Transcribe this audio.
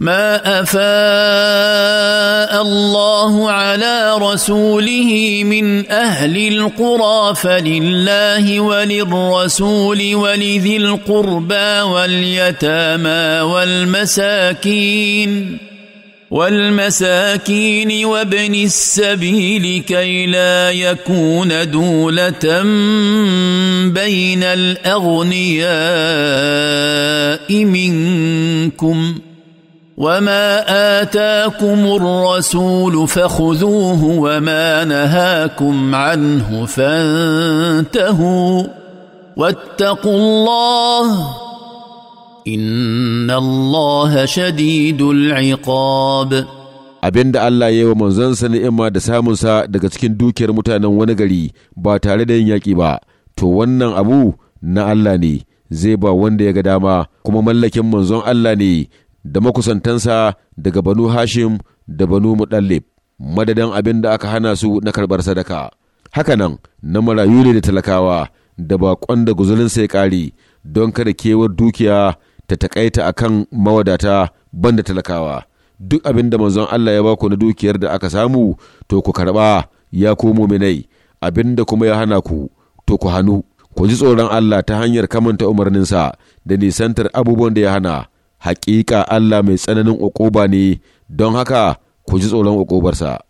ما افاء الله على رسوله من اهل القرى فلله وللرسول ولذي القربى واليتامى والمساكين والمساكين وابن السبيل كي لا يكون دوله بين الاغنياء منكم وما اتاكم الرسول فخذوه وما نهاكم عنه فانتهوا واتقوا الله ان الله شديد العقاب abin da Allah ya yi wa manzansa ni'ima da samunsa daga cikin dukiyar mutanen wani gari ba tare da yin yaki ba, to wannan abu na Allah ne, zai ba wanda ya ga dama kuma mallakin manzon Allah ne da makusantansa daga banu Hashim da banu mudallib madadin abin da aka hana su na karbar sadaka. Hakanan na marayu ne da talakawa da baƙon da guzulin sai kari don kada kewar dukiya ta takaita a kan mawadata banda talakawa. Duk abin da manzon Allah ya baku na dukiyar da aka samu to ku karba ya ku muminai abin da kuma ya hana ku to ku hannu. Ku ji tsoron Allah ta hanyar kamanta umarninsa da nisantar abubuwan da ya hana. haƙiƙa Allah mai tsananin uquba ne don haka ku ji tsoron uqubarsa